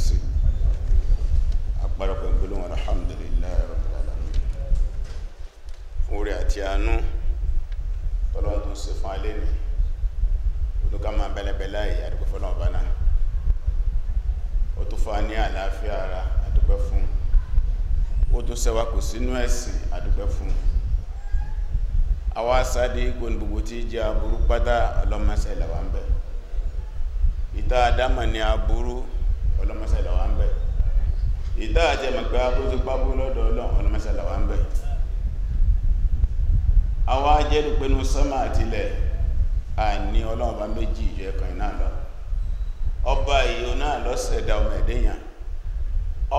sí àpárọ̀pọ̀ ìgbóhùn alhamdulillahi rabbil alamin fún orí àti àánú tọ́lọ́run tó ń ṣe fún alẹ́ ni olùkà máa bẹ́lẹ́bẹ́lá yìí àdúgbò fọlọ́run bá náà ó tó fa ní àlàáfíà ara àdúgbò fún ó tó ṣẹwà kò sínú ẹ̀sìn àdúgbò fún àwa sáde gbòǹ gbogbo tí jẹ́ aburú pátá ọlọ́mọṣẹ́ làwọn bẹ̀ ìta àdámọ̀ ni aburú. ọlọ́mọsàlá wa ń bẹ̀ ìdá àti ẹ̀mọ̀gbà lọ́dọ̀ ọlọ́mọsàlá wa ń bẹ̀ àwọn sọ́mà àtìlẹ̀ àní ọlọ́ọ̀bá méjì ìjọ ẹ̀kọ́ iná lọ ọba ìyó náà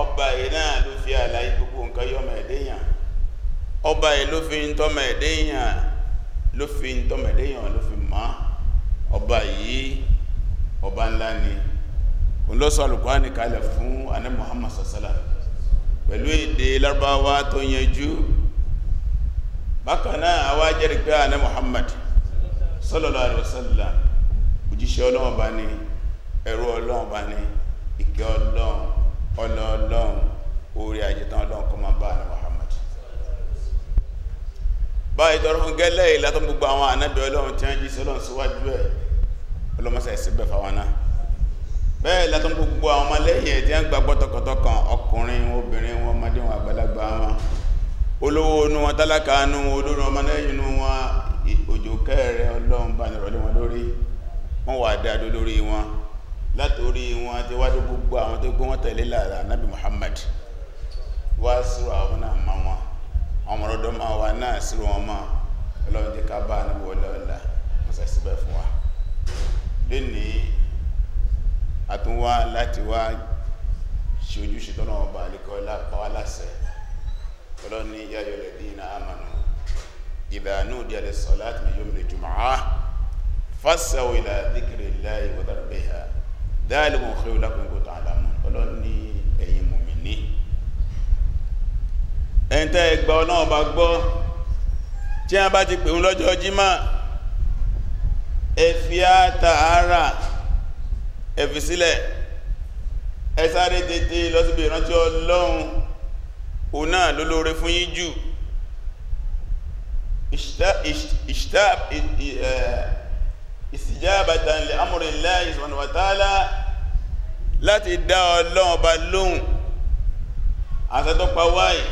ọmọ ọba yìí náà ló fi àlàyé gbogbo nǹkan ọba ló fi ń ló ọba yìí ọba ńlá ni. òun ló sọ Al-Qur'ani kalẹ̀ fún Ànábì Muhammad sasala pẹ̀lú èdè Lárúbáwá tó yanjú bákan náà àwa jẹ́rìí pé Ànábì Muhammad sallallahu alaihi wasallam òjíṣẹ́ Ọlọ́run bá ní ẹ̀rọ Ọlọ́run bá ní ìkẹ́ Ọlọ́run ọ̀nà Ọlọ́run orí àjẹtàn Ọlọ́run kọ́ máa bá Ànábì Muhammad báyìí tọrọ fún gẹ́lẹ́ ìlàtọ̀ gbogbo bẹ́ẹ̀ látún gbogbo àwọn ọmọ lẹ́yìn ẹ̀dí àgbà gbọ́tọ̀kọ̀tọ̀kan ọkùnrin obìnrin wọn ọmọdé wọn àgbàlagbà wọn olówó inú wọn tálákà inú olórin ọmọ lẹ́yìn inú wọn ọlọ́run bá nìrọ̀lẹ́ wọn lórí wọn wà dáadó lórí wọn wọn ti wájú gbogbo àwọn tó gbé wọn tẹ̀lé lára nabi Muhammad wá àwọn náà wà náà wọn àtún wá láti wá ṣe ojúṣe tọ́nà ọba àlekọ́ lápáwá láṣẹ ọlọ́ni yáyọ lẹ́bí iná àmànà ìbànú di alẹ́ sọ láti mẹ́yọ́ mi lè jùmọ̀ á fásitì ìlà díkìrì láì wọ́dàrà bẹ́ẹ̀ ha dáàlì wọn kọ́ lápẹ́ kó tán àlámù ọlọ́ni ẹ̀yin mùmínì ẹ̀ńtẹ́ ẹgbà ọ̀nà ọba gbọ́ tí a bá ti pè ń lọ́jọ́ jímà ẹ̀fíà tààrà ẹ̀fì sílẹ̀ ẹ sáré tètè lọ síbi ìrántí ọlọ́run òun náà ló lóore fún yín jù ìsìjábàtà lè amúrí láì ìsìnwàtàlá láti dá ọlọ́run ọba lóhùn àtẹ́tọ́pá wáyìí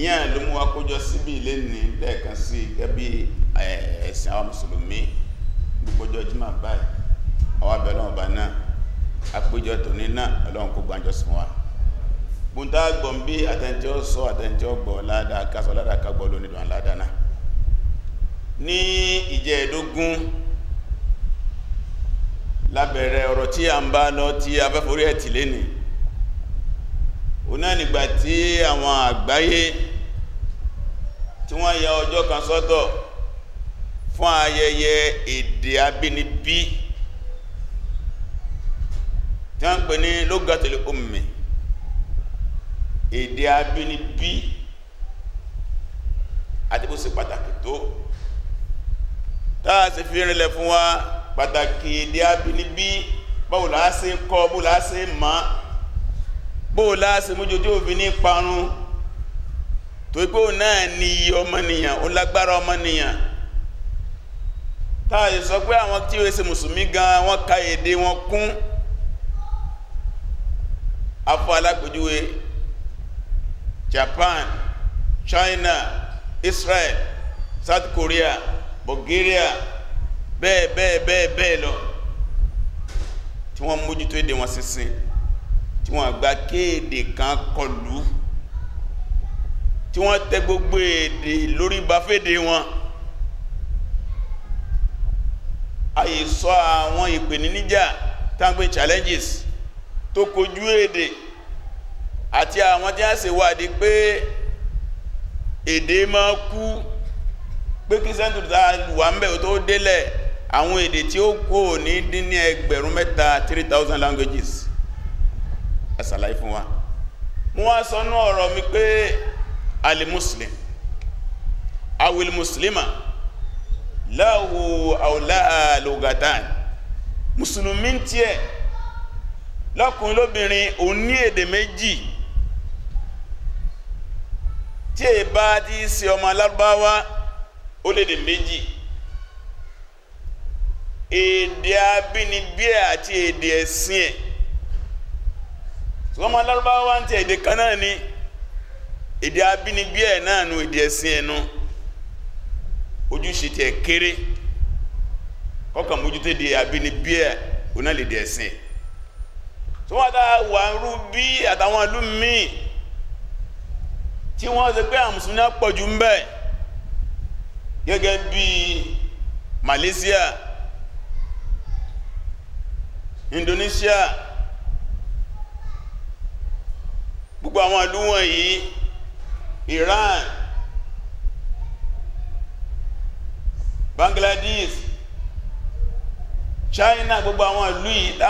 ìyẹn ló mú wa síbí ilé ní lẹ́ẹ̀kan sí gẹ́bí ẹ̀sìn àwọn mùsùlùmí gbogbo ọjọ́ báyìí àwọn àbẹ̀ ọlọ́run ọba náà àpéjọ tòní náà ọlọ́run kó gbàjọ sùn wa bùntà gbọ̀n bí àtẹ̀ntì ó sọ àtẹ̀ntì ó gbọ̀ ládàá kásọ̀ ládàá kágbọ́ lónìí dùn ládàá náà ní ìjẹ́ ẹ̀dógún lábẹ̀rẹ̀ ọ̀rọ̀ tí a ń bá lọ tí a fẹ́ forí ẹ̀tì lénìí o nígbà tí àwọn àgbáyé tí wọ́n ya ọjọ́ kan sọ́tọ̀ fún ayẹyẹ èdè abínibí tí wọ́n ń pè ní lógatul ummi èdè abínibí àti bó ṣe pàtàkì tó táà sì fi rìnlẹ̀ fún wa pàtàkì èdè abínibí báwo la ṣe kọ́ bó la ṣe mọ̀ bó la ṣe mójójó òfin ní parun tó ipò náà ni iye ọmọnìyàn ó lágbára ọmọnìyàn táà sì sọ pé àwọn tí ó ṣe mùsùlùmí gan wọ́n ka èdè wọn kún afọ alápèjúwe Japan China Israel South Korea Bulgaria bẹ́ẹ̀ bẹ́ẹ̀ bẹ́ẹ̀ bẹ́ẹ̀ lọ tí wọ́n mójútó èdè wọn sísìn tí wọ́n gba kéèdè kan kọlù tí wọ́n tẹ gbogbo èdè lórí bafédè wọn àyè sọ àwọn ìpèníjà táwọn pè challenges tó kojú èdè àti àwọn tí a ṣe wádìí pé èdè máa kú pé kí sẹ́ntùrù tá wà ń bẹ̀ tó délẹ̀ àwọn èdè tí ó kò ní dín ní ẹgbẹ̀rún mẹ́ta 3000 languages asàlàyé fún wa mú wá sọ́nú ọ̀rọ̀ mi pé alimuslim awil muslima láwo àwòlá lugatan musulumi tiẹ̀ lọ́kùnrin lóbìnrin òun ní èdè méjì tí è bá ti ṣe ọmọ lárúbáwá ó lédè méjì èdè abínibí ẹ̀ àti èdè ẹ̀sìn ẹ̀ ṣùgbọ́n ọmọ lárúbáwá ń ti èdè kan náà ni èdè abínibí ẹ̀ náà nu èdè ẹ̀sìn ẹ̀ nu ojúṣe tiẹ̀ kéré kọ́kàn èdè abínibí ẹ̀ òun náà lè dẹ̀ ẹ̀sìn ẹ̀ tí wọ́n ta wà ń rú bí àtàwọn ìlú míì tí wọ́n ṣe pé àwọn mùsùlùmí pọ̀ ń bẹ gẹ́gẹ́ bí Malaysia Indonesia gbogbo àwọn ìlú wọ̀nyí Iran Bangladesh China gbogbo àwọn ìlú yìí tá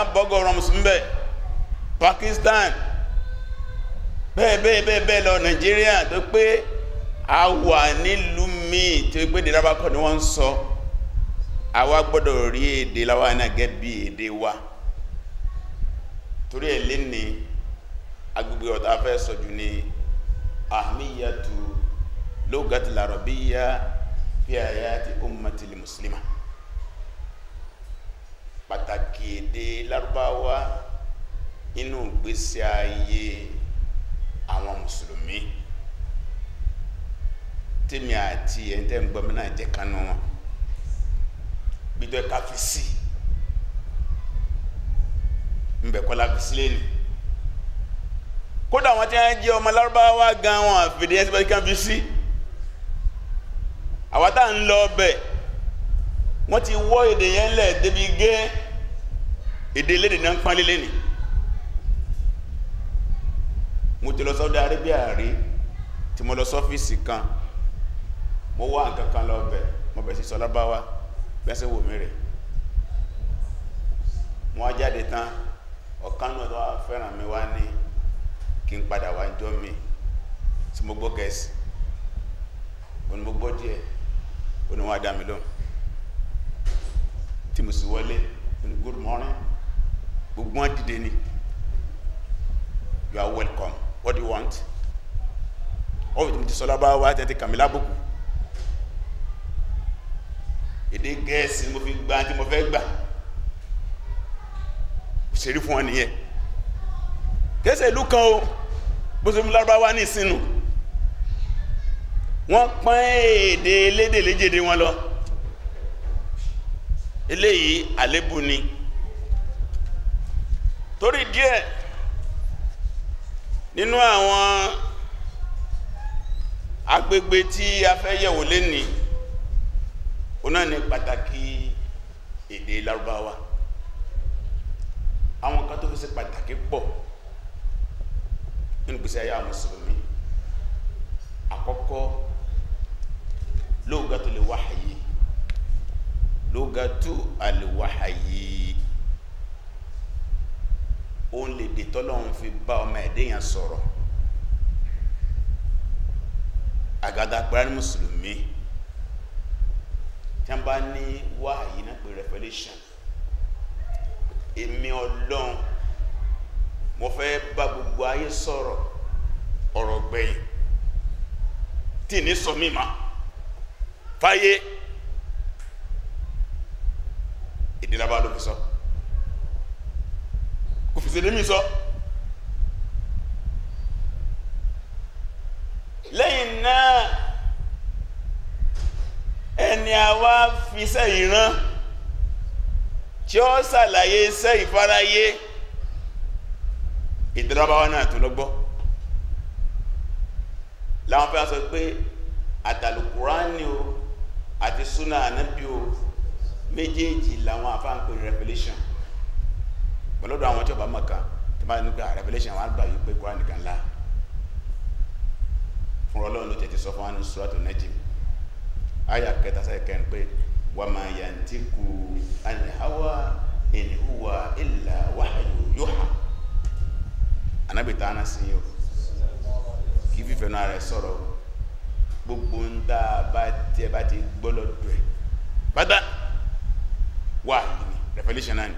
mùsùlùmí bẹ́ẹ̀ Pakistan bẹ́ẹ̀ bẹ́ẹ̀ bẹ́ẹ̀ bẹ́ẹ̀ lọ Nigeria tó pé a wà nílùú míì tó gbé dé rábákọ̀ ni wọ́n ń sọ àwa gbọ́dọ̀ rí èdè láwa náà gẹ́ bí èdè wa torí ẹ̀ lé agbègbè ọ̀tá fẹ́ sọ̀jù ní ahmiyatu lugati larabiyya fi hayati ummati li musulima pàtàkì èdè lárúbáwá inú ìgbésí ayé àwọn mùsùlùmí tèmi àti ẹni tẹ́ ń gbọ́ mi náà jẹ́ kánú wọn gbígbẹ́ ká fi sí nbẹ kọ́lá fi sílẹ̀ ni kódà wọn tí wọn jẹ́ ọmọ lárúbáwá gan wọn àfìdí ẹsẹ̀ bẹ́ẹ̀ kan fi sí àwọn tá ń lọ ọbẹ̀ wọ́n ti wọ́ èdè yẹn lẹ̀ débi gé èdè lédè náà ń pálí lẹ́nìí mo ti lọ Saudi Arabia rí tí mo lọ sọ́fíìsì kan mo wá nǹkan kan lọ bẹ̀ mo bẹ̀ sí sọ lábáwá bẹ́sẹ̀ wò mí rẹ̀ mo wá jáde tán ọ̀kan náà tó wá fẹ́ràn mi wá ní kí n padà wá jọ mi tí mo gbọ́ gẹ̀ẹ́sì òní mo gbọ́ díẹ̀ òní wọn á dá mi lóhùn tí mo sì wọlé òní good morning gbogbo wọn dìde ni you are welcome what do you want ọ̀fìdí mi ti sọ lábáwá tẹ́tí kàmílá bùkù èdè gẹ̀ẹ́sì mo fi gba tí mo fẹ́ gbà ṣèrí fún wọn nìyẹn kẹsẹ̀ ìlú kan o bó ṣe mú lárúbáwá ní ìsinú wọ́n pọ́n èdè elédè léjèdè wọn lọ eléyìí àlébù ni torí díẹ̀ nínú àwọn agbègbè tí a fẹ́ yẹ̀wò lẹ́ni o náà ni pàtàkì èdè Lárúbáwá àwọn kan tó fi ṣe pàtàkì pọ̀ nínú gbèsè ayé mùsùlùmí àkọ́kọ́ lughatul wahyi lughatul wahyi òun lè dè tọ́lọ́run fi bá ọmọ ẹ̀dẹ́ yẹn sọ̀rọ̀ àgàgà pẹ̀lú mùsùlùmí tí wọ́n bá ní wáàyí náà pé revelation èmi ọlọ́run mo fẹ́ bá gbogbo ayé sọ̀rọ̀ ọ̀rọ̀ gbẹ̀yìn tí ní sọ mí ma fáyé ìdílábà ló fi sọ. So kò fèsì lémi sọ lẹ́yìn náà ẹni àwa fi iṣẹ́ ìran tí ó ṣàlàyé iṣẹ́ ìfaráyé ìdílábáwá náà tó lọ́gbọ́ láwọn fẹ́ sọ pé àtàlùkùránì o àti súnà ànábì o méjèèjì làwọn àfáǹpẹ̀ revelation pẹ̀lú ọ̀dọ̀ àwọn tí ọba mọ̀ kan tí wọ́n bá ní ah, revelation wọn á gbà yìí pé kúrò nìkan ńlá fún ọlọ́run ló tẹ̀tí sọ fún wa ní surat najim aya kẹta sáyẹ kẹrin pé wà má yantiku anil hawa in huwa illa wahyu yuha anabi tààna sí yìí o kì í fífẹ́ náà rẹ̀ sọ̀rọ̀ gbogbo ń dá a bá tiẹ̀ bá ti gbọ́ lọ́dọ̀ ẹ̀ bàbá wà ní revelation náà ni.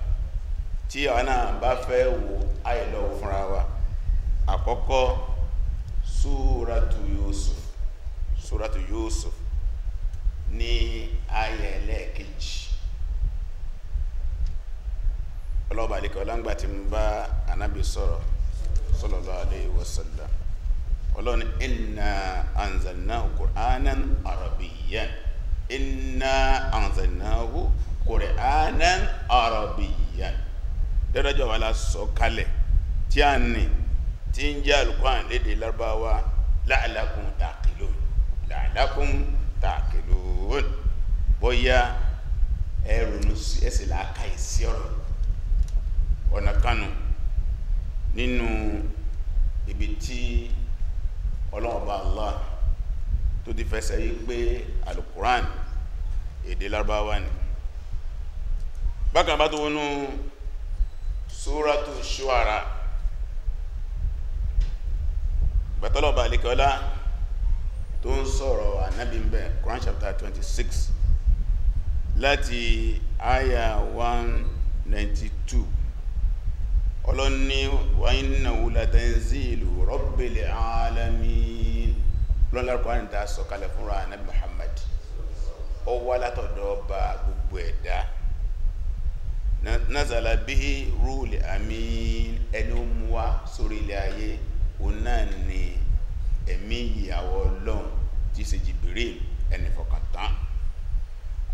tí àwọn náà bá fẹ́ wò àìlọ́ fúnra wa àkọ́kọ́ súratu Yusuf súratu Yusuf ní ayẹ ẹlẹ́ẹ̀kejì ọlọ́ọ̀bà ọlọ́ngbà tí mo bá anábì sọ̀rọ̀ sallallahu alayhi sallam ọlọ́ni inna na qur'anan arabiyyan inna ọrọ qur'anan dẹ́rẹ́jọ́ wa la sọ kalẹ̀ tí a nì tí ń jẹ́ alùkwán lédè lárúbáwá la'alakum ta'qilun la'alakum ta'qilun bóyá ẹrùnú ẹsẹ̀ làákà ìsí ọ̀rọ̀ ọ̀nà kanu nínú ibi tí ọlọ́ọ̀bá Allah tó ti fẹsẹ̀ yí pé alùkùrán èdè lárúbáwá ni bákan bá tó wọnú súrátù ṣúwàrá gbẹ̀tọ́lọ̀bà alikọ́lá tó ń sọ̀rọ̀ ànábì ń bẹ̀ Quran chapter 26 láti àyà 192 ọlọ́ni wa innahu latanzilu rabbil alamin lọ́lọ́rọ̀kọ́ àníta sọ̀kalẹ̀ fúnra ànábì Muhammad ó wá látọ̀dọ̀ ọba gbogbo ẹ̀dá nazala bihi rúùlì amin ẹni ó mú wá sórí ilé ayé òun náà ni ẹ̀mí ìyàwó ọlọ́run tí ṣe Jibril ẹni fọkàntán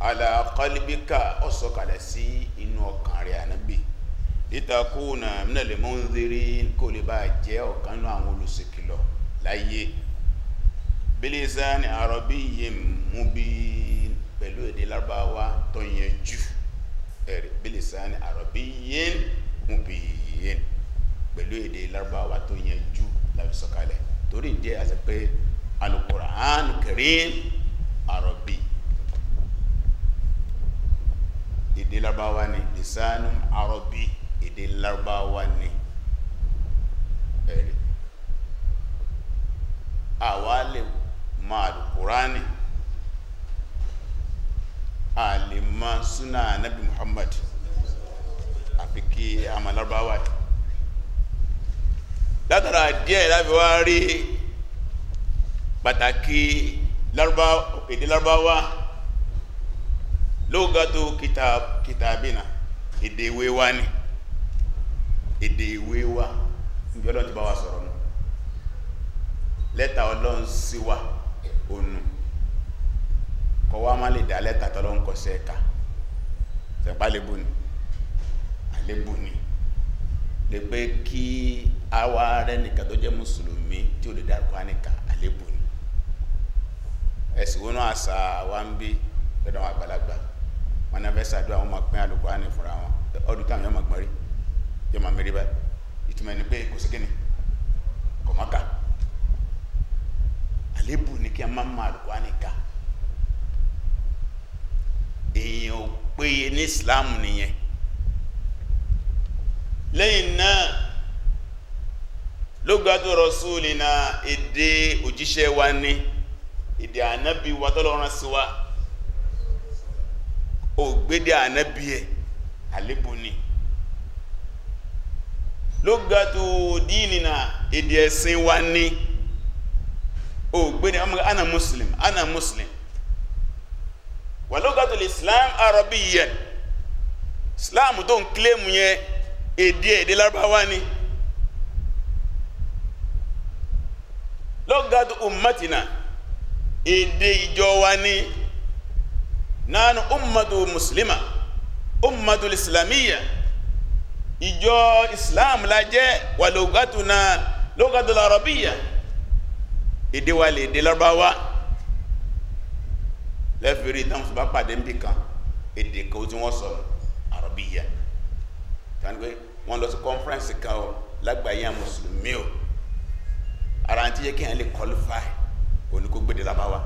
ala qalbika ó sọ̀kalẹ̀ sí inú ọkàn rẹ̀ ànábì litakuna minal munzirin kó lè bá jẹ́ ọ̀kan nínú àwọn olùṣèkìlọ̀ láyé bilisani arabiyyin mubin pẹ̀lú èdè lárúbáwá tó yẹn jù ẹ̀rí bílísàn àrọ̀bíyìn mùbíyìn pẹ̀lú èdè lárúbáwá tó yẹn ju láti sọ̀kalẹ̀ torí ìdí àti pé alukur'an karim Arabi. èdè lárúbáwá ni lisanu Arabi, èdè lárúbáwá ni ẹ̀rí àwa lè mọ alukur'ani a lè nabi muhammad àfi kí a mọ lárúbáwá yìí látara díẹ̀ láti wá rí pàtàkì èdè lárúbáwá lóògátó kìtàbínà èdè ìwé wa ni èdè ìwé wa níbi ọlọ́run ti bá wa sọ̀rọ̀ nù lẹ́tà ọlọ́run sí wa ònù kọ wá má lè dá lẹ́ka tọ́lọ́ ń kọsẹ̀ ẹ̀ka tẹ̀pá lébù ni àlébù ni lè pé kí àwa rẹ nìkan tó jẹ́ mùsùlùmí tí ò lè dárúkọ àníkà àlébù ni ẹ̀sìn wọnú àṣà wa ń bí lọ́dọ̀ àwọn àgbàlagbà wọn náà fẹ́ ṣàdúrà wọn máa pín àlùkò àní fúnra wọn ọdún táwọn yóò máa gbọ́n rí yóò máa mérí báyìí ìtumọ̀ ẹni pé kò sí kíni kò mọ́ ká àlébù ni kí a máa máa àlùkò àníkà èèyàn ò péye ní islam nìyẹn lẹ́yìn náà lugatu rasulina èdè òjíṣẹ́ wa ní èdè ànábí wa tọ́lọ́rán sí wa ò gbédé ànábí ẹ̀ àlébù ni lugatu dínìna èdè ẹ̀sìn wa ní ò gbédé ana muslim ana muslim wàlúgàtò islam Arabi arabiyan islam tó ń kílẹ̀mù yẹn èdè èdè larabawa ni lọ́gàtò ummatina èdè ìjọ wa ni nánú ummatu muslima ummatu islamiyya ìjọ islam la jẹ́ wàlúgàtò náà lọ́gàtò arabiyan èdè wa lè èdè larabawa lẹ́fẹ̀ẹ́rì táwọn sọ bá pàdé ń bì kan èdè kan tí wọ́n sọ àrọ̀bíyà tani pé wọ́n lọ sí conference kan o lágbàáyé àwọn mùsùlùmí o ara àti yẹ kí yẹn lè qualify oníkógbèdè lábáwá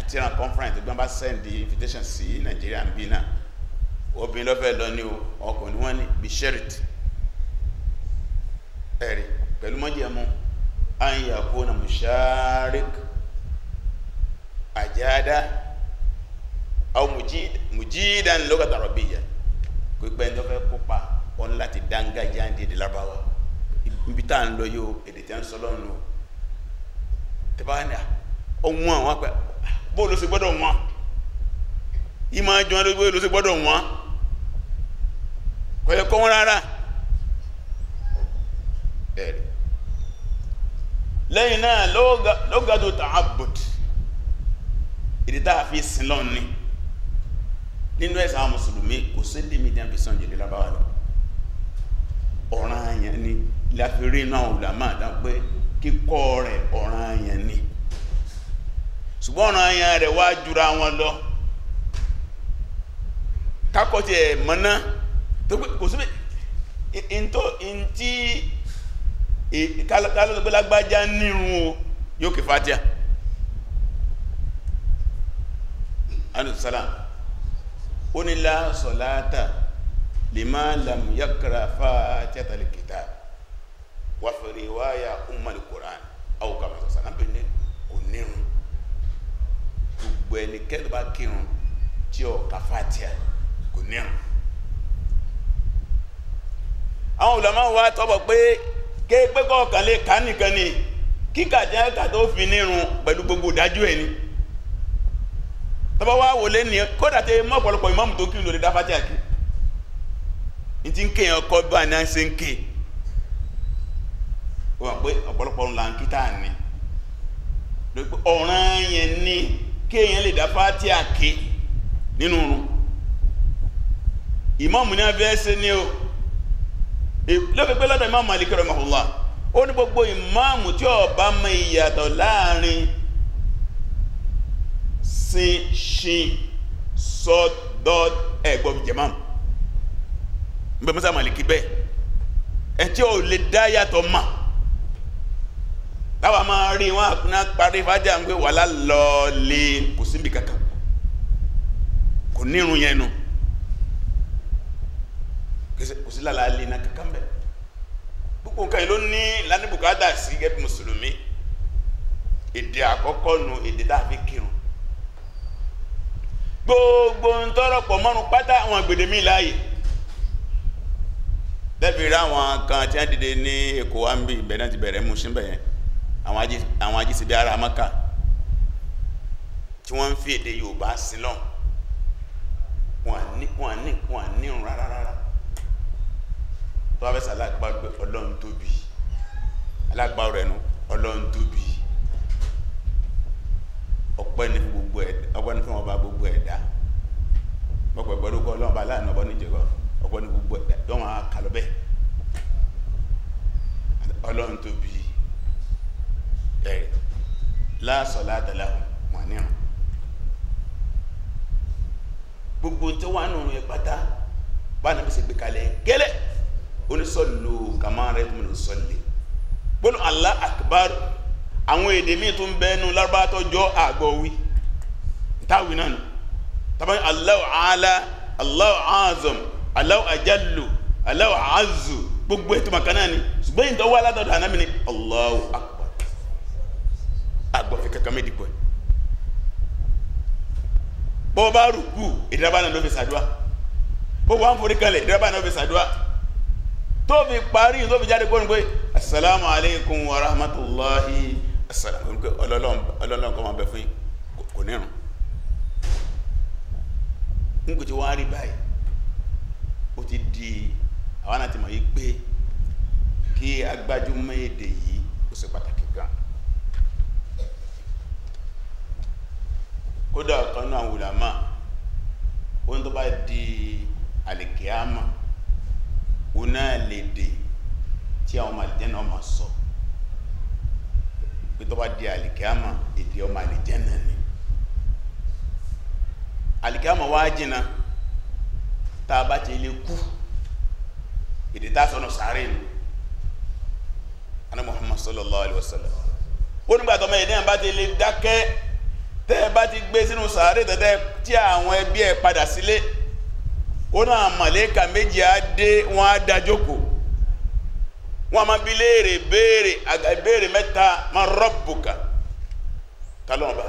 àti ìran conference gbọ́n bá send the invitation sí nàìjíríà ń bí náà obìnrin lọ́fẹ̀ẹ́ lọ ní o ọkùnrin wọn ní bisherit ẹ̀rí pẹ̀lú mọ́jẹ̀mú àyìnyàkó na musharik àjáda àwọn mùjíìdá ní lọ́gàtà rọ̀bí ìyà pípẹ́ ní ọfẹ́ kópa wọn láti dáńgá jáde èdè lábáwá ibi tá ń lọ yóò èdè tí a ń sọ lọ́nà Bo ọ̀hún àwọn apẹ́ bóòlù sí gbọ́dọ̀ wọn ìmọ̀ àjọ ló sí gbọ́dọ̀ wọn kọ̀yẹ̀ kọ́ wọn rárá bẹ́ẹ̀ lẹ́yìn náà lọ́gàtò tààbùtù èdè tá a fi sin lọ́n ni nínú ẹ̀sìn àwọn mùsùlùmí kò sí lèmi tí wọ́n fi sàn lọ ọ̀ràn àyàn ni láfírí inú àwọn ulama dá pé kíkọ́ rẹ̀ ọ̀ràn àyàn ni ṣùgbọ́n ọ̀ràn àyàn rẹ̀ wá jura wọn lọ kákọ́tì ẹ̀ mọ́ná tó pé kò sí ntó ntí kálọ́gbẹ́lágbájá nírun o yóò kí fatia. alùsàlám ó ní la salata liman lam yaqra fatihatal kitab wa fi riwaya ummal Qur'an aw kama sàlám bẹ́ẹ̀ ni kò nírun gbogbo ẹnikẹ́ni tó bá kírun tí ó ka Fatiha kò nírun àwọn olùmọ̀ wa tọ́bọ̀ pé kéèpé kọ̀ọ̀kan lè ká kíkà jẹ́ ká fi nírun pẹ̀lú gbogbo ìdájú ẹ̀ tọ́bọ̀ wá wò lé ní kódà tẹ mọ́ ọ̀pọ̀lọpọ̀ ìmáàmù tó kí n lòdì dáfàtì àkí ní ti ń ké yẹn ọkọ bá ní à ń se ń ké pé ọ̀pọ̀lọpọ̀ ńlá ń kí táà ní ọ̀ràn yẹn ní kéèyàn lè dáfàtì àkí nínú run ìmáàmù ní abẹ́ẹ́sẹ̀ ni o lọ́pẹ́pẹ́ lọ́dọ̀ ìmáàmù Málíkì rahimahullah ó ní gbogbo ìmáàmù tí ó bá mọ ìyàtọ̀ láàrin sin ṣin sọ dọ ẹgbọ jẹmọ nbẹ musa maliki bẹ ẹ tí o lè dá yàtọ̀ ma táwa máa rí wọn àkúná parí fájà ń gbé wàhálà lọọlẹ kò síbi kankan kò nírun yẹn nu kò sí lálàá lè na kankan bẹ gbogbo nǹkan yìí ló ní lánàbùkátà sí gẹ́gẹ́ bí mùsùlùmí èdè àkọ́kọ́ nu èdè tá a fi kírun gbogbo ń tọrọ pọ̀ mọ́rún pátá àwọn àgbèdè mi láàyè lẹ́bí rí àwọn kan tí wọ́n dìde ní èkó wa ń bí ìbẹ̀ náà ti bẹ̀rẹ̀ mú sí bẹ̀yẹn àwọn ajísìbí ara mọ́kà tí wọ́n ń fi èdè yorùbá sí lọ́n wọn ní wọn ní wọn ní rárá tó wá fẹ́ sàlágbá gbé ọlọ́run tóbi alágbá rẹ̀ nu ọlọ́run tóbi ọpẹ́ ní gbogbo ẹ̀dá ọpẹ́ ní fún ọba gbogbo ẹ̀dá ọpẹ́ gbọ́dọ̀ kọ Ọlọ́run bá láàánú ọbọ níjẹkọ ọpẹ́ ní gbogbo ẹ̀dá tó máa kà lọ bẹ́ẹ̀ Ọlọ́run tóbi ẹ láàsọ látàlá wọn nírun gbogbo tó wà nù yẹn pátá bá nàbí ṣe gbé kalẹ̀ gẹ́lẹ́ onísọ̀lù kàmáà rẹ̀ tó mìíràn sọ̀lẹ̀ gbọ́dọ̀ Allah akbar àwọn èdè míì tó ń bẹ́nu lárúbáwá tó jọ àgbọ̀ wí táwí náà nù tàbí Allahu ala Allahu azam Allahu ajallu Allahu azzu gbogbo ètò màkà náà ni ṣùgbọ́n ìtọ́ wà látọ̀dọ̀ ànámi ni Allahu akbar àgbọ̀ fi kankan méjì pẹ̀ bọ́ bá rùkú ìdírábà náà ló fi ṣàdúrà bó wà ń forí kalẹ̀ ìdírábà náà ló fi ṣàdúrà tó fi parí tó fi jáde kó ní pé assalamu wa rahmatullahi ẹ̀sọ̀lá ọlọ́lọ́n kọ́ máa bẹ fún yín kò nírun n kò ti wá rí báyìí ó ti di àwọn àti mọ̀ yí pé kí agbájúmọ́ èdè yìí ó ṣe pàtàkì gan kódà ọ̀kan náà wùlámà ohun tó bá di àlèkè àmà òun náà lè dè tí àwọn màlìjẹ́ náà máa sọ pé tó bá di àlìkíámà èdè ọmọ àlìjẹ́nà ni àlìkíámà wá jìnà tá a bá ti ilé kú èdè tá a sọ̀nà sàárè nù ana Muhammad sallallahu alaihi wasallam ó nígbà tó mẹ́rin náà bá ti ilé dákẹ́ tẹ́ ẹ bá ti gbé sínú sàárè tẹ́tẹ́ tí àwọn ẹbí ẹ padà sílé ó náà màlẹ́kà méjì á dé wọ́n á dájókòó wọ́n máa bi léèrè béèrè àgbèrè mẹ́ta ma rabbuka talọ́nba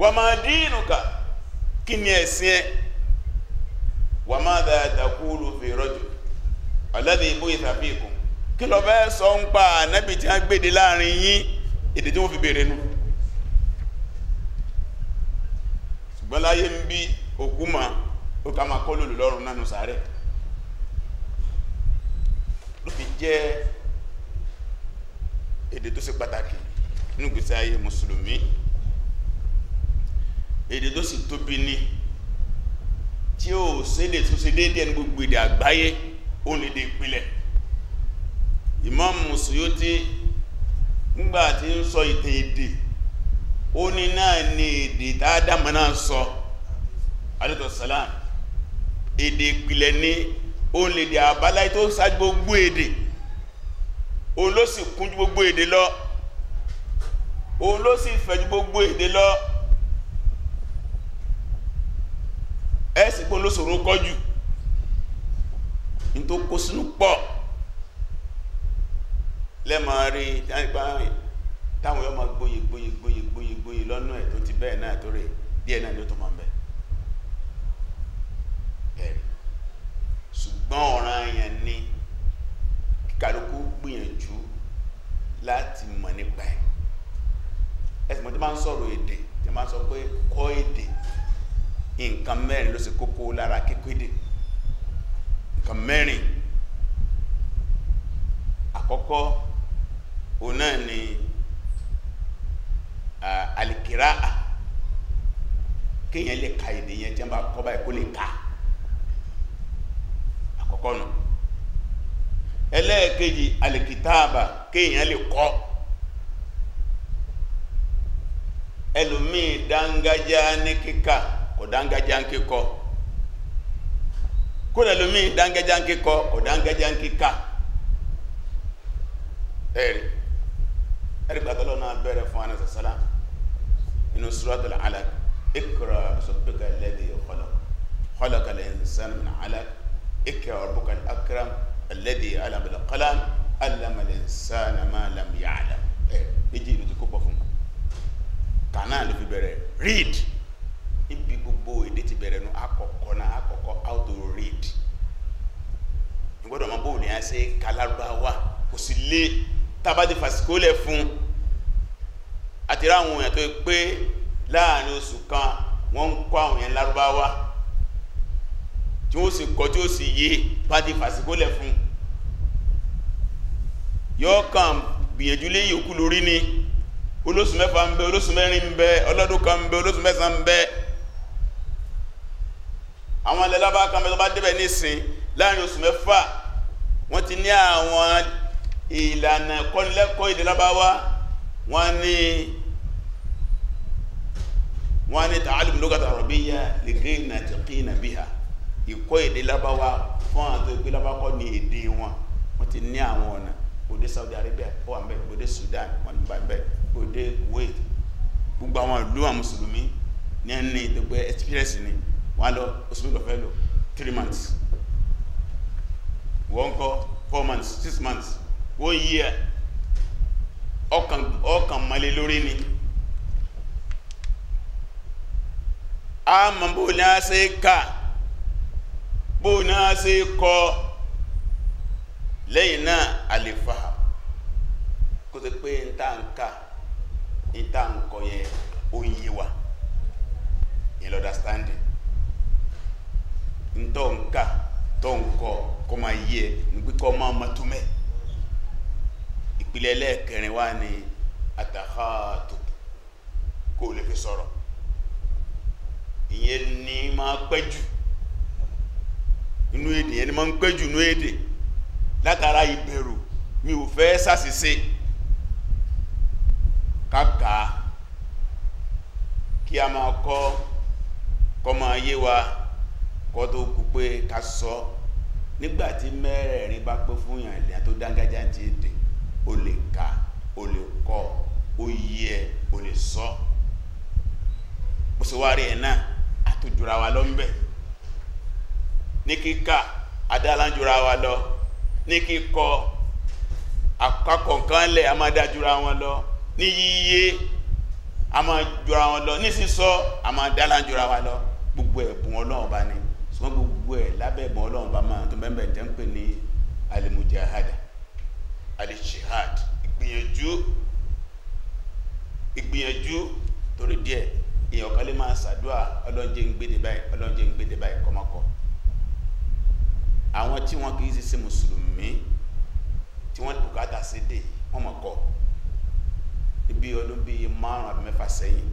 wa ma dinuka kí ni ẹ̀sìn ẹ wa madha taqulu fi rajul alladhi bu'itha fikum kí lọ bẹ́ẹ̀ sọ ń pa ànábì tí wọ́n gbèdè láàrin yín èdè tí wọ́n fi béèrè nù ṣùgbọ́n láyé ń bí òkú ma ó ká máa kọ́ lòlù lọ́rùn nánú sàárẹ̀ ló fi jẹ́ èdè tó ṣe pàtàkì nínú ìgbésí ayé mùsùlùmí èdè tó sì tóbi ní tí ó ṣẹlẹ̀ tó ṣe déédéé ní gbogbo èdè àgbáyé ó lè dé ìpìlẹ̀ Imam Suyuti nígbà tí ń sọ ìtàn èdè ó ní náà ní èdè tádàmọ́ náà sọ alẹ́tọ̀sálàm èdè ìpìlẹ̀ ní òun lè dè àbáláyé tó ṣáájú gbogbo èdè òun ló sì kún ju gbogbo èdè lọ òun ló sì fẹ̀ ju gbogbo èdè lọ ẹ sì pé ló ṣòro kọ́ nítorí kó sínú pọ̀ lẹ́mọ̀ rí táwọn yóò máa gboyè gboyè gboyè gboyè lọ́nà ẹ̀ tó ti bẹ́ẹ̀ náà tó díẹ̀ náà ni tó máa ṣùgbọ́n ọ̀ranyàn ni kálukú gbìyànjú láti mọ̀ nípa ẹ̀ ẹ̀sìn mọ́ tí máa ń sọ̀rọ̀ èdè tí máa ń sọ pé kọ́ èdè nǹkan mẹ́rin ló ṣe kókó lára kíkọ́ èdè nǹkan mẹ́rin àkọ́kọ́ òun náà ni alikiraa kéèyàn lè ka èdè yẹn tí wọ́n bá kọ́ báyìí kó lè ka àkọ́kọ́ nù ẹlẹ́ẹ̀kejì alìkìtáàbà kéèyàn lè kọ́ ẹlòmíì dángájá ní kíkà kò dángájá ń kíkọ́ kódà ẹlòmíì dángájá ń kíkọ́ kò dángájá ń kíkà ẹ̀rì ẹ̀rì gbàtọ́lọ́ náà bẹ̀rẹ̀ fún anasa sálá inú suratul alaq ikra sọ́kpẹ́kà lẹ́dí khalaq khalaqal insana min alaq ikra rabbuka al الذي alladhi بالقلم bil qalam ما لم يعلم ma lam ya'lam ẹ méjì ló ti kó read ibi gbogbo èdè ti نو أكو àkọ́kọ́ أكو àkọ́kọ́ how to read gbọ́dọ̀ mọ bóun ni a ṣe kalarubawa kò sí lé tábàdì fàsíkò lẹ̀ fún àti ráwọn èèyàn tó pé láàrin oṣù kan wọ́n ń kọ́ àwọn yẹn lárúbáwá tí ó sì kọ́ tí ó sì yé bá ti fàsíkólẹ̀ fún yóò kàn gbìyànjú lé yòókù lórí ni olóṣù mẹ́fà ń bẹ olóṣù mẹ́rin ń bẹ ọlọ́dún kan ń bẹ olóṣù mẹ́sàn ń bẹ àwọn alẹ́ lábá kan bẹ tó bá débẹ̀ nísìn láàrin oṣù mẹ́fà wọ́n ti ní àwọn ìlànà kọ́nilẹ́kọ́ èdè lábáwá wọ́n ní wọ́n ní ta'allum lughata arabiyya li ghayri natiqina biha ìkọ́ èdè lábáwá fún àwọn tó gbé lábákọ́ ní èdè wọn wọ́n ti ní àwọn ọ̀nà bòde Saudi Arabia ó wà bẹ́ẹ̀ bòde Sudan wọ́n ti bá bẹ́ẹ̀ bòde Kuwait gbogbo àwọn ìlú àwọn mùsùlùmí ní ẹni tó experience ni wọ́n lọ oṣù mélòó fẹ́ lò three months wọ́n kọ́ four months six months one year ọkàn ọkàn mọ́lé lórí ni. a mọ̀ bó ní a ṣe kà bó náà ṣe kọ lẹ́yìn náà àlèfà kó tó pé ń tá ń ká ń tá ń kọ yẹn ó ń yé wa in understanding ń tọ́ ń ká tọ́ ń kọ kó máa yé ẹ ní pípọ́ máa máa tún mẹ́ ìpìlẹ̀ ẹlẹ́ẹ̀kẹrin wá ní àtàkàtò kó lè fi sọ̀rọ̀ ìyẹn ni máa pẹ́ jù nínú èdè ẹni máa ń pẹ́ jù nínú èdè látara ìbẹ̀rù mi ò fẹ́ ṣàṣìṣe kàkà kí a máa kọ́ kọ́ máa yé wa kọ́ tó kú pé ká sọ nígbà tí mẹ́rẹ̀ẹ̀rin bá pé fún yàn ìlera tó dángájá ti dè o lè kà o lè kọ́ o yẹ o lè sọ bó ṣe wá rí ẹ̀ náà àtòjúra wa lọ́nbẹ̀ẹ́. ní kíkà adálájúra wa lọ ní kíkọ àpapọ̀ nǹkan wọn lọ ní yíyé a wọn lọ ní sísọ a wa lọ gbogbo ẹ̀bùn ọlọ́run bá ní gbogbo ẹ̀ lábẹ́ ẹ̀bùn ọlọ́run bá máa tó ń pè ní alishihad ìgbìyànjú ìgbìyànjú torí èèyàn kan lè máa ọlọ́njẹ́ ń gbé dé báyìí àwọn tí wọn kì í ṣe mùsùlùmí tí wọn bùkátà sí dè wọn mọ̀ kọ́ ibi ọdún bíi márùn àbí mẹ́fà sẹ́yìn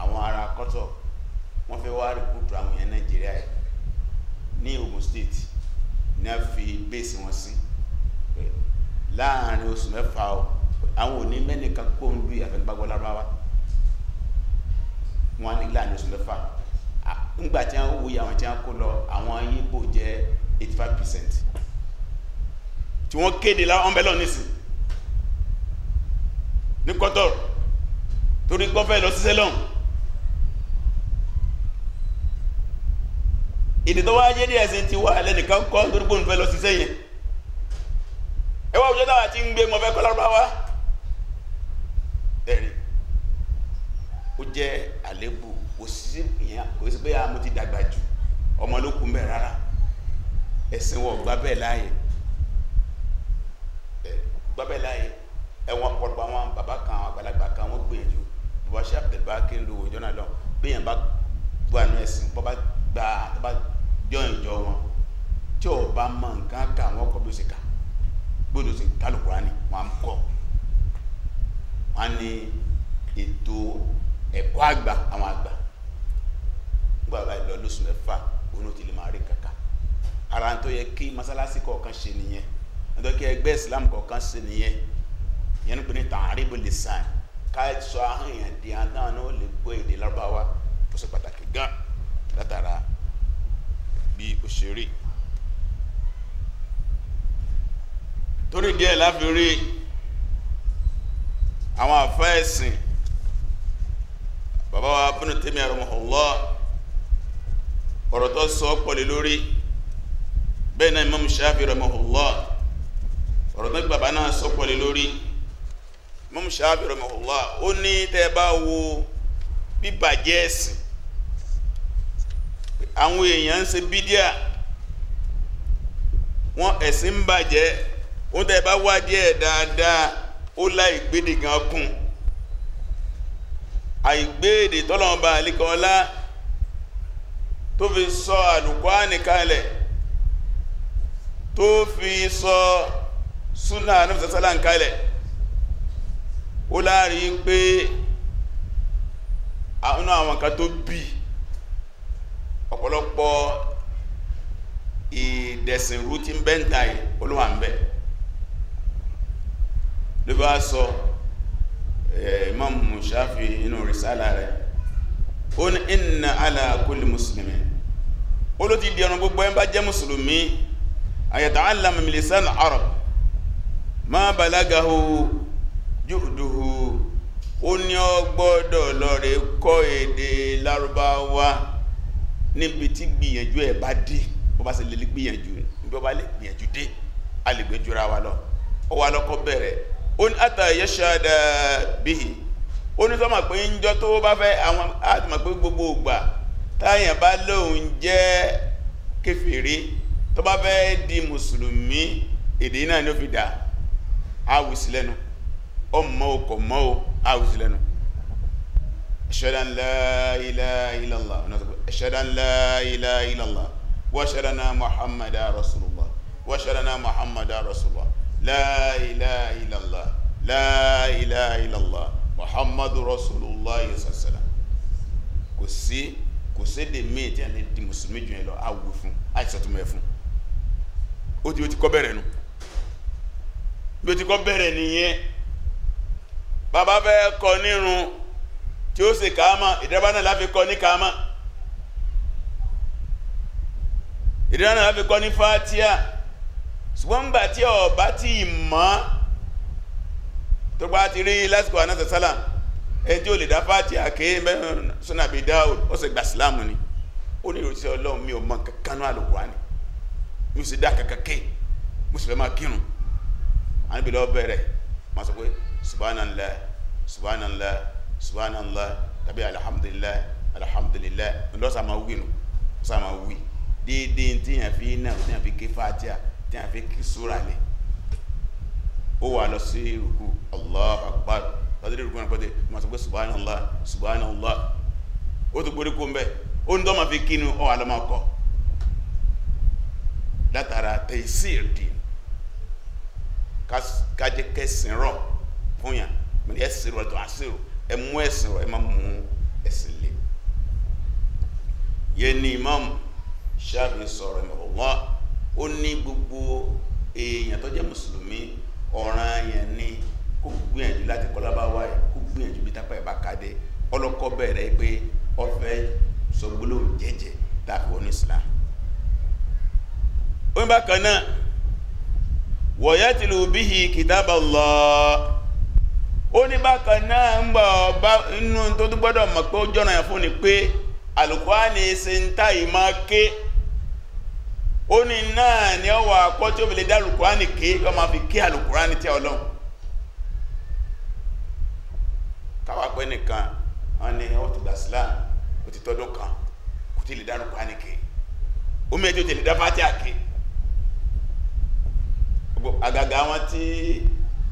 àwọn ará kọ́tọ̀ wọ́n fẹ́ wá rìkútù àwọn èèyàn nàìjíríà ẹ̀ ní Ogun State ní a fi bẹ́ẹ̀sì wọn sí láàrin oṣù mẹ́fà o àwọn òní mẹ́nìkan kó ń lu àfẹnugbàgbọ́ lárúbáwá wọn ní láàrin oṣù mẹ́fà nígbà tí wọn wúyà àwọn tí wọn kó lọ àwọn yíbo jẹ́ eighty five percent tí wọ́n kéde láwọn ọ̀nbẹ́lọ̀ nísìn ní kọ́tọ̀ torí pé wọ́n fẹ́ lọ sí sẹ́lọ̀n èdè tó wáá jẹ́ díẹ̀ sí ti wá lẹ́nìkan kọ́ torí pé òun fẹ́ lọ sí sẹ́yìn ẹ wá òjò táwa ti ń gbé mọ́ fẹ́ kọ́ lárúbáwá ẹ̀rí ó jẹ́ àlébù kò sí pé a ah, mo ti dàgbà jù ọmọ ló kú mbẹ́ rárá ẹ̀sìn wọn gbà bẹ́ẹ̀ láàyè gbà bẹ́ẹ̀ láàyè ẹ̀wọ̀n ọ̀pọ̀lọpọ̀ àwọn bàbá kan àwọn àgbàlagbà kan wọ́n gbìyànjú bàbá ṣe Abdulbaki lu ìjọ náà lọ bí yẹn bá gbọ́ àánú ẹ̀sìn bọ́ bá gbà bá jọ ìjọ wọn tí ò bá mọ nǹkan ká àwọn ọkọ̀ bí ó ṣe kà gbọ́dọ̀ sí kálukúránì wọn á kọ́ wọn ní ètò ẹ̀kọ́ àgbà àwọn àgbà gbọ́dọ̀ báyìí lọ lóṣù mẹ́fà òun ò ara tó yẹ kí masalasi kọ̀ọ̀kan ṣe nìyẹn nítorí kí ẹgbẹ́ islam kọ̀ọ̀kan ṣe nìyẹn yẹn nípa ní tààríbù lisan ká sọ ahọ́n yẹn di adáhùn náà ó lè gbọ́ èdè lárúbáwá tó ṣe pàtàkì gan látara bí ó ṣe rí torí díẹ̀ láfi rí àwọn àfáà ẹ̀sìn bàbá wa Ibn Taymiyyah rahimahullah ọ̀rọ̀ tó sọ pọ̀lẹ̀ lórí. bẹ́ẹ̀ náà Imam Shafi rahimahullah ọ̀rọ̀ tó bàbá náà sọ́pọ̀ lé lórí Imam Shafi rahimahullah ó ní tẹ́ bá wo bíbàjẹ́ ẹ̀sìn àwọn èèyàn ń ṣe bídíà wọn ẹ̀sìn ń bàjẹ́ ó tẹ́ bá wádìí ẹ̀ dáadáa ó láì gbéde gan kún àìgbéde tọ́lọ́mọba àlíkọ́lá tó fi sọ àlùkò ànìkalẹ̀ tó fi sọ súnà anáfisàsálà ń kalẹ̀ ó láàrí pé àwọn àwọn kan tó bí ọ̀pọ̀lọpọ̀ ìdẹ̀sìnrú tí ń bẹ́ǹtà yìí olówà ń bẹ̀ ló bá sọ Imam Shafi inú risala rẹ̀ ó ní inna ala kulli muslimin ó ló ti di ọ̀nà gbogbo ẹ̀ ń bá jẹ́ mùsùlùmí ayata'allam min lisan arab ma balagahu juhduhu ó ní ó gbọ́dọ̀ lọ rẹ̀ kọ́ èdè lárúbáwá níbi tí gbìyànjú ẹ̀ bá dé bó bá sì lè gbìyànjú bó bá lè gbìyànjú dé a lè gbé wa lọ ó wá lọ́kọ́ bẹ̀rẹ̀ ó ní àtà yashada bihi ó ní sọ́mà pé ń jọ tó bá fẹ́ àwọn àtìmọ̀ pé gbogbo ògbà táyàn bá lóun jẹ́ kèfèrí tó bá fẹ́ di mùsùlùmí èdè náà ni ó fi dà áwùsí lẹ́nu ó mọ́ o kò mọ́ o áwùsí lẹ́nu ashhadu an la ilaha illallah ashhadu an la ilaha illallah wa ashhadu anna muhammadan rasulullah wa ashhadu anna muhammadan rasulullah la ilaha illallah la ilaha illallah muhammadu rasulullah sallallahu kò sí kò séde míì tí a lè di mùsùlùmí jù yẹn lọ àwù fún àìsàn tó mẹ́ fún ó ti ó ti kọ́ bẹ̀rẹ̀ nu bí ó ti kọ́ bẹ̀rẹ̀ nìyẹn bàbá fẹ́ kọ nírun tí ó ṣe kàámà ìdẹ́rẹ́bá náà láfi kọ ní kàámà ìdẹ́rẹ́bá náà láfi kọ ní fatia ṣùgbọ́n nígbà tí ọba ti mọ́ tó bá ti rí lásìkò àná sàsálà ẹni tí ó lè dá fatia kéé mẹ́rin sọ́nà àbí dáhùn ó gbà sílámù ni ó ní ìròyìn sí ọlọ́run mi ò mọ kankanú àlùkò àná yóò sì dá kẹkẹkẹ mo sì fẹ́ máa kírun àníbi lọ bẹ̀rẹ̀ ma sọ pé subhanallah subhanallah subhanallah tàbí alhamdulillah alhamdulillah lọ́sà máa wí nù lọ́sà máa wí déédéé tí yàn fi náà tí yàn fi ké fatia tí yàn fi ké sóra lẹ̀ ó wà lọ sí rúkú allah akbar lọ́dún rúkú náà pẹ́tẹ́ ma sọ pé subhanallah subhanallah ó ti gbórí kó ó ń dọ́ ma fi kí ni ó wà kọ́ látara tẹ̀síìr dín kájẹ kẹsìn rọ fún yàn mẹ́rin ẹ̀sìn rọ tó àṣírò ẹ mú ẹ̀sìn rọ ẹ má mú ẹ̀sìn lé yẹn ní imáàmù ṣáàbì sọ̀rọ̀ ìmọ̀lọ́wọ́ ó ní gbogbo èèyàn tó jẹ́ mùsùlùmí ọ̀ràn yẹn ni kó gbìyànjú láti kọ́ lábáwá ẹ̀ kó gbìyànjú bí tápá ẹ̀ bá ka dé ọlọ́kọ́ bẹ̀rẹ̀ pé ọ̀fẹ́ sọ gbólóhùn jẹ́jẹ́ láàbọ̀ ní Islam oyin bákan náà wa yatlu bihi kitab Allah ó ní bákan náà ń bọ̀ bá inú tó tó gbọ́dọ̀ mọ̀ pé ó jọ́nà yà fún ni pé Al-Qur'ani ṣe ń ta ìmá ké ó ní náà ni ó wà kọ́ tí ó fi dá Al-Qur'ani ké ó máa fi ké Al-Qur'ani tí Ọlọ́run káwà gbogbo àgàgà wọn tí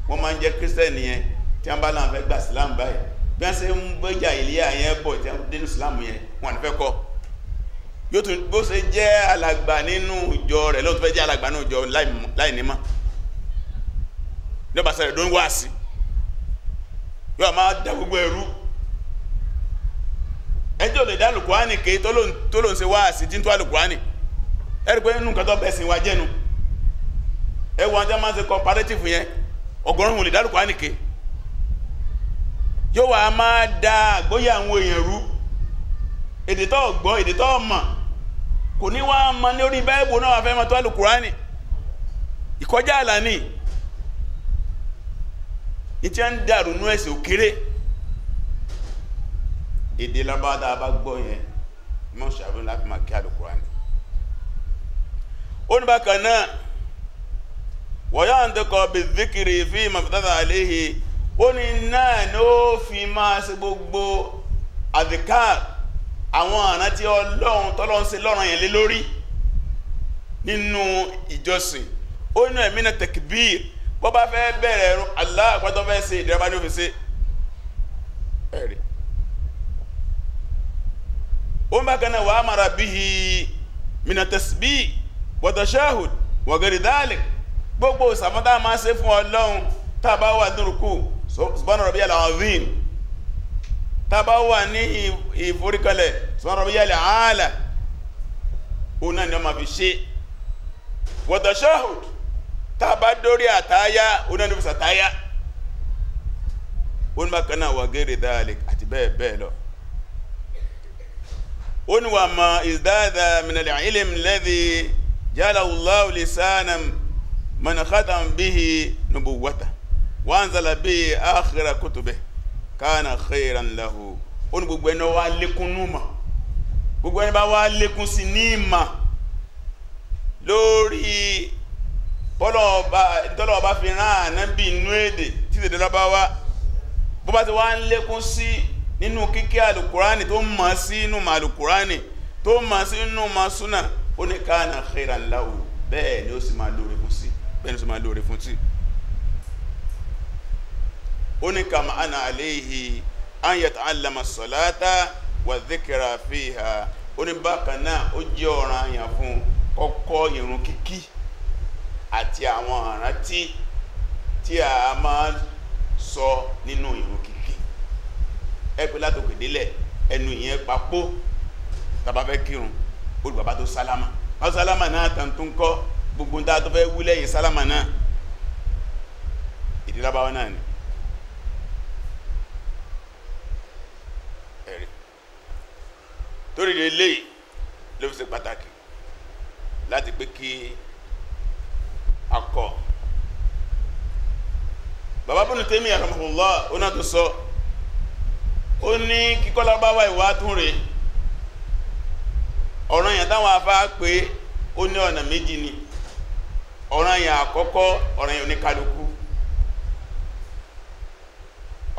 wọ́n máa ń jẹ́ kírísítẹ́nì yẹn tí wọ́n bá láwọn fẹ́ gba islam báyìí bí wọ́n ṣe ń gbéjà ìlíyà yẹn bọ̀ tí wọ́n dénú islam yẹn wọ́n ní fẹ́ kọ́ yóò tún bó ṣe jẹ́ alàgbà nínú ìjọ rẹ̀ lóòótọ́ fẹ́ jẹ́ alàgbà nínú ìjọ láì nímọ̀ nígbà sẹ́rẹ̀ ló ń wá sí yóò máa da gbogbo ẹ̀rú ẹjọ́ lè dá lùkùránì kéé tó lóun ṣe wá sí tí ń tó àlùkùránì ẹ̀rí pé nínú nǹkan tó bẹ̀ sìn wá jẹ́nu ẹwọ ajá máa ń ṣe comparative yẹn ọgọ́rùn-ún lè yóò wá máa da àgbóyè àwọn èèyàn rú èdè tó gbọ́ èdè tó mọ̀ kò ní wá náà fẹ́ mọ́ tó àlùkùránì ìkọjá àlà ni ìtí ń dàrú nú èdè bá gbọ́ yẹn mọ́ ṣàbí láti wọ́yáǹdẹ́kọ̀ bí zikiri fi mafitata aléhe ó ní náà ní ó fi máa ṣe gbogbo àdìká àwọn àrántí ọlọ́run tọ́lọ́run ṣe lọ́rùn yẹn lé lórí nínú ìjọsìn ó nínú ẹ̀mí náà tẹ̀kìbíir bó bá fẹ́ bẹ̀rẹ̀ ẹ̀rùn aláàpátọ́ fẹ́ ṣe ìdíraba ní òfìsí ẹ̀rì ó ń bá kan wàá mara bíi minatasbi wàtàṣáhùd wàgẹ̀rẹ̀dálẹ̀ gbogbo ìsàmọ́tà máa ṣe fún ọlọ́run tàbá wà dúrùkú subhana rabbiyal azim tàbá wà ní ìforíkọlẹ̀ subhana rabbiyal aala o náà ni ọmọ fi ṣe wa tashahhud tàbá dórí àtáyá o náà ni fi sàtáyá o ní bá kanáà wa ghairi dhalik àti bẹ́ẹ̀ bẹ́ẹ̀ lọ o ní wà ma izdada minal ilm alladhi ja'alahu من ختم به نبوته وانزل به آخر كتبه كان خيرا له ó ní gbogbo ẹni wá lékún númọ̀ gbogbo ẹni bá wá lékún sí ní ìmọ̀ lórí tọ́lọ̀ ọba fi rán ànábì inú èdè tí tètè lọ́ba wá bó bá ti wá ń lékún sí nínú kíkẹ́ àlùkùránì tó mọ̀ sí inú mọ̀ àlùkùránì tó mọ̀ sí inú mọ̀ súnà ó ní kana khairan lahu bẹ́ẹ̀ ni ó sì máa lórí kún sí bẹ́ẹ̀ ni sọ máa lóore fún tí ó ní kàmà ánà àléhì an yata'allama sọ̀láta wà dhikra fiha ó ní bákan náà ó jẹ́ ọ̀ràn àyàn fún kọ́kọ́ ìrun kíkí àti àwọn àrántí tí a máa sọ nínú ìrun kíkí ẹ pé látòkè délẹ̀ ẹnu ìyẹn papó tàbá fẹ́ kírun olùbàbá tó sálámà bá sálámà náà tàn tó ń kọ́ gbogbo dáa tó fẹ́ wí lẹ́yìn sálámà náà èdè náà ni ẹ̀rí torí lè ló fi ṣe pàtàkì láti pé kí akọ bàbá bínú tèmi àrùnmọ̀lá oná sọ ó ní kíkọ́ lábáwá ìwà tún rè ọ̀ràn yẹn táwọn afá ni. ọ̀ranyàn àkọ́kọ́ ọ̀ranyàn oníkálukú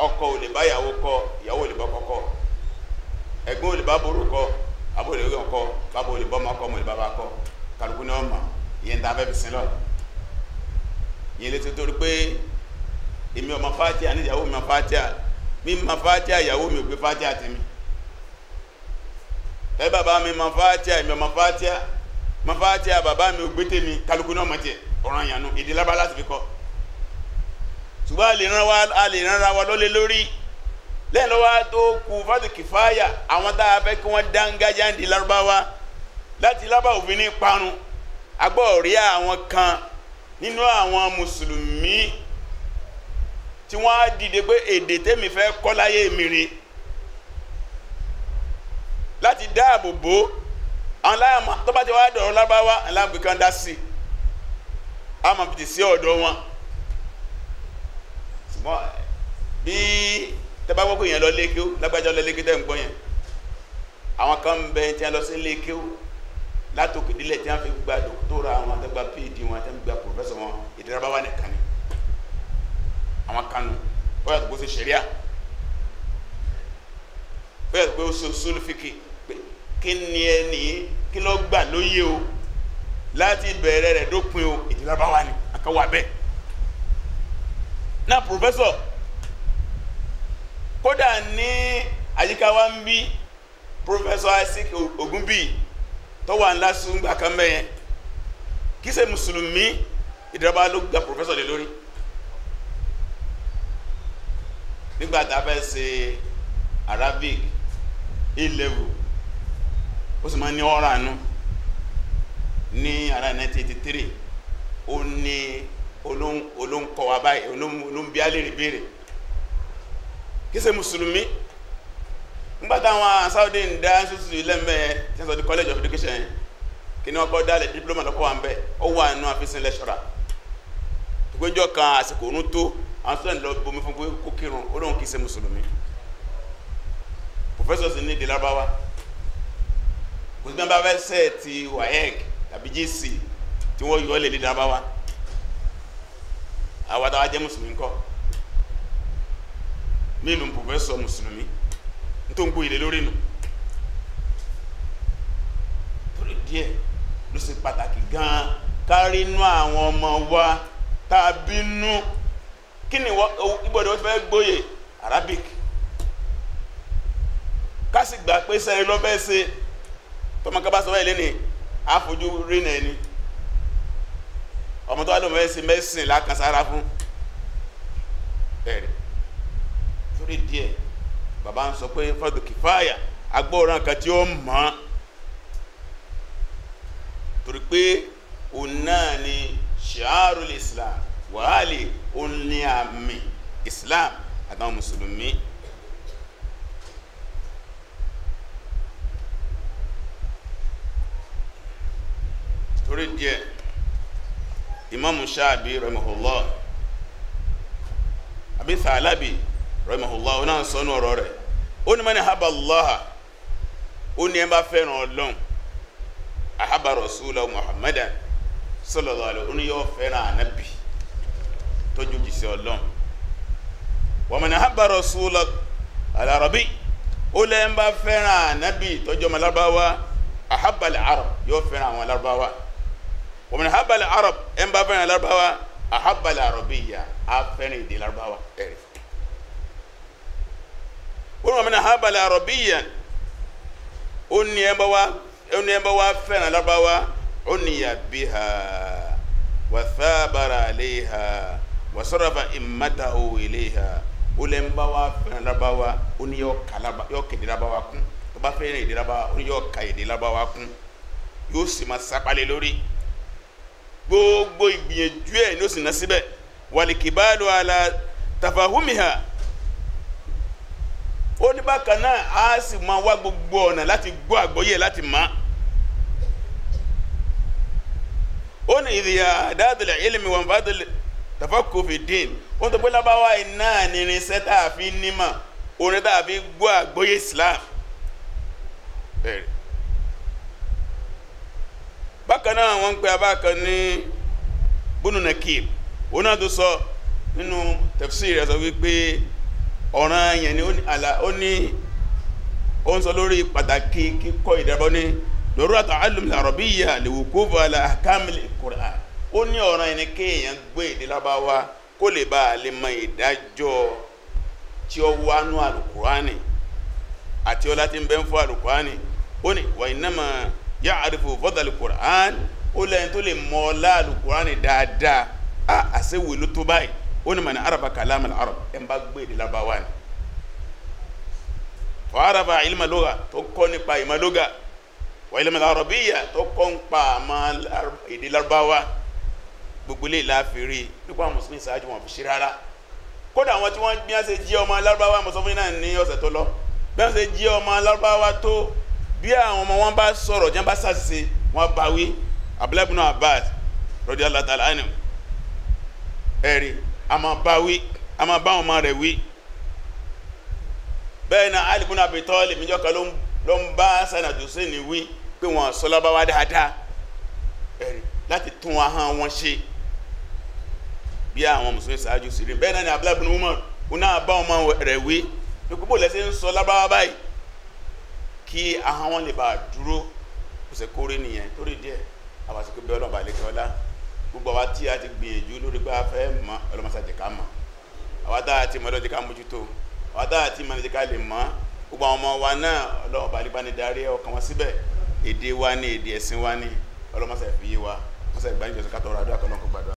ọkọ ò lè bá ìyàwó kọ ìyàwó ò lè bá kọ́kọ́ ẹ̀gbọ́n ò lè bá kọ ò lè rí ọkọ bábò ò lè bọ́ ọmọ ọmọ ò lè bá bá kọ kálukú ní ọmọ ìyẹn tá a fẹ́ fi sin lọ lè tuntun pé èmi ọmọ ní ìyàwó mi ọmọ mi ma ìyàwó mi ò gbé ẹ bàbá mi ma èmi ọmọ mọ́fà tí a bàbá mi ò gbé tèmi kálukú náà mọ̀ tiẹ̀ e. ọ̀ràn yànnú èdè lábá láti fi kọ́ ṣùgbọ́n a lè rán ra wa lọ́lé lórí lẹ́yìn lọ́wọ́ tó kù fásitì kìfáyà àwọn tá a fẹ́ kí wọ́n dángájá ń di lárúbáwá láti laba òfin ní parun agbọ́ rí àwọn kan nínú àwọn mùsùlùmí tí wọ́n á dìde pé èdè tẹ́mi fẹ́ kọ́ láyé mi rè láti dáàbò bò àwọn láàmà tó bá ti wá dọ̀rọ̀ lábáwá aláàbì kan dá sí a máa fi sí ọ̀dọ̀ wọn ṣùgbọ́n bí tẹ́bá gbọ́ pé èèyàn lọ lékè ó lágbájá lọ lékè tẹ́ ń gbọ́ yẹn àwọn kan ń bẹ tí wọ́n lọ sí lékè látòkè nílẹ̀ tí wọ́n fi gba dòkítọ́rọ̀ àwọn àtẹ́gbà phd wọn àtẹ́gbà pòfẹ́sọ̀ wọn èdè lábáwá nìkan ni àwọn kan nù yàtọ̀ pé ó ṣe ṣẹ̀ríà ó yàtọ̀ pé ó ṣe sólúfìkì kí ni ẹni kí ló gbà lóye o láti bẹ̀rẹ̀ rẹ̀ dópin o èdè lábáwá ni àkàwà bẹ́ẹ̀ náà pòfẹ́sọ̀ kódà ní àyíká wa ń bí pòfẹ́sọ̀ Isaac Ogunbi tó wà ńlá súngbà kan mẹ́yẹn kì í ṣe mùsùlùmí ìdírábà ló gba pòfẹ́sọ̀ lé lórí nígbà tá a fẹ́ ṣe Arabic A level ó sì máa ní ọ́rà nú ní ara 1983 ó ní olóńkọ́ wa báyìí olóńbí béèrè kí mùsùlùmí Saudi ń dá ile ilẹ́mẹ́ sẹ́sọ̀ di college of education kí ni wọ́n kọ́ dálẹ̀ diploma lọ́kọ́ wa ń bẹ́ ó wà nínú àfisìn ìgbẹ́jọ́ kan àsìkò òun tó àwọn student lọ bomi fún pé kó kírun kò sí nọ́mbà fẹ́ sẹ́ẹ̀ ti waec tàbí gc tí wọ́n yọ lè dídá bá wa àwa táwa jẹ́ mùsùlùmí ńkọ́ mí nu pòfẹ́sọ̀ mùsùlùmí tó ń gbóyè lórí nu torí díẹ̀ ló ṣe pàtàkì gan-an kárí inú àwọn ọmọ wa tá a bínú kí ni ìgbọ̀dọ̀ fẹ́ gbóyè arabic ká sì gbà pé sẹ́yìn lọ́fẹ́ ṣe tọmọ kan bá sọ báyìí lẹ́nìí àfojú rí nà ẹni ọmọ tó wà lọ́mọ ẹ̀sìn mẹ́sìn lákànsára fún bẹ́ẹ̀ torí díẹ̀ bàbá ń sọ pé fọ́dù kìfáyà agbóòrán kan tí ó mọ̀ ọ́n torí pé òun náà ni shiarul islam wàhálì òun ni àmì islam àtàwọn mùsùlùmí torí díẹ̀ imam shaabi rahimahullah àbí sàlábì rahimahullah ó náà sọ́nù ọ̀rọ̀ rẹ̀ ó ní mani haba allah ó ní ẹ bá fẹ́ràn ọlọ́run ahaba rasulahu muhammadan sallallahu alaihi ó ní yóò fẹ́ràn anabi tójú jìsẹ́ ọlọ́run wa mani haba rasulahu alarabi ó lẹ́yìn bá fẹ́ràn anabi tọ́jú ọmọ larubawa ahaba al-arab yóò fẹ́ràn àwọn larubawa wọ́n mi habali arab ẹ̀ ń bá fẹ́ràn lárúbáwá ahabali arabiya afẹ́ràn èdè lárúbáwá ẹ̀rì wọ́n mi habali arabiya ó ní ẹ̀ ń bá wá fẹ́ràn lárúbáwá ó níyà bí ha wàthabara aleha wasarafa imatahu ileha ó lẹ́ ń bá wá fẹ́ràn lárúbáwá ó ní yọ kéde lárúbáwá kún tó bá fẹ́ràn èdè lárúbáwá ó ní yọ ka èdè lárúbáwá kún yóò sì máa sapalẹ̀ lórí gbogbo ìgbìyànjú ẹ̀ ní ó sì ná síbẹ̀ wàlìkìbálò àlà tàfàhùmìhà ó ní bákan náà á sì máa wá gbogbo ọ̀nà láti gbọ́ àgbọ́yé láti mọ̀ ó ní ìdíyà dáadọ̀lẹ̀ ilmi wọn bá dọ̀lẹ̀ tàfàkù fìdín ó ń tọ́gbẹ́ lábáwá iná nírinṣẹ́ tá a fi nímọ̀ orin tá a fi gbọ́ àgbọ́yé Islam bẹ̀rẹ̀ bákan náà wọ́n ń pe abákan ní bónú nakir òun náà tó sọ nínú tafsir rẹ̀ sọ wípé ọ̀ràn yẹn ni ó ní ó ń sọ lórí pàtàkì kíkọ́ ìdárúbọ̀ ní lọ́rọ̀ ta'allum al-arabiyya liwuquf ala ahkam al ó ní ọ̀ràn yẹn ni kéèyàn gbé èdè lábáwá kó lè bá a lè mọ ìdájọ́ tí ó wá nú al-Qur'ani àti ọlá tí ń bẹ ń fọ́ al ó ní wa innama yá àrífò fọ́dàlù kùrán ó lẹ́yìn tó lè mọ́ láàlù kùrán dáadáa a àṣewò ló tó báyìí ó ní mọ̀nà araba kàlámà arab ẹ̀ ń bá gbé èdè lábáwá ni wà araba ìlímàlóga tó kọ́ nípa ìmàlóga wà ìlímàlóga arabiyya tó kọ́ nípa àmà èdè lábáwá gbogbo lè láfèrè nípa mùsùlùmí ṣáájú wọn fi ṣe rárá kódà àwọn tí wọ́n bí jí ọmọ alárúbáwá mọ̀sánfún náà ní ọ̀sẹ̀ tó lọ bí jí ọmọ alárúbáwá tó bí àwọn ọmọ wọn bá sọ̀rọ̀ jẹ́ bá ṣàṣìṣe wọn bá wí Abdullahi ibn Abbas radiyallahu ta'ala anhu ẹ̀rí a máa bá wí a máa bá ọmọ rẹ̀ wí bẹ́ẹ̀ náà Ali ibn Abi Talib níjọ́ka ló ń bá sanadu sẹ́ni wí pé wọ́n sọlábáwá dáadáa ẹ̀rí láti tún ahọ́n wọn ṣe bí àwọn mùsùlùmí ṣáájú sí rí bẹ́ẹ̀ náà ni Abdullahi ibn Umar òun náà bá ọmọ rẹ̀ wí pé lẹ́sẹ̀ ń sọ lábáwá báyìí kí ahọ́n wọn lè bá dúró kò ṣe kórè nìyẹn torí díẹ̀ àbàṣekú bí ọlọ́ọ̀bà lè kọ́lá gbogbo àwa tí a ti gbìyànjú lórí pé a fẹ́ mọ ọlọ́mọṣàjẹ ká mọ̀ àwa tá a ti mọ ọlọ́jẹ ká mójútó àwa tá a ti mọ ọlọ́jẹ ká lè mọ̀ gbogbo àwọn ọmọ wa náà ọlọ́ọ̀bà lè bá ní darí ọkàn wọn síbẹ̀ èdè wa ni èdè ẹ̀sìn wa ni ọlọ́mọṣàjẹ fi wa ọmọṣàjẹ